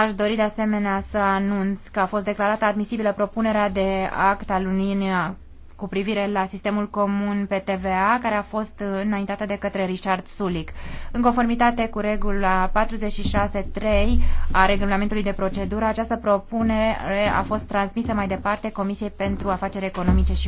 Aș dori de asemenea să anunț că a fost declarată admisibilă propunerea de act al Uniunii cu privire la sistemul comun pe TVA, care a fost înaintată de către Richard Sulic. În conformitate cu regula 46.3 a regulamentului de procedură, această propunere a fost transmisă mai departe Comisiei pentru Afaceri Economice și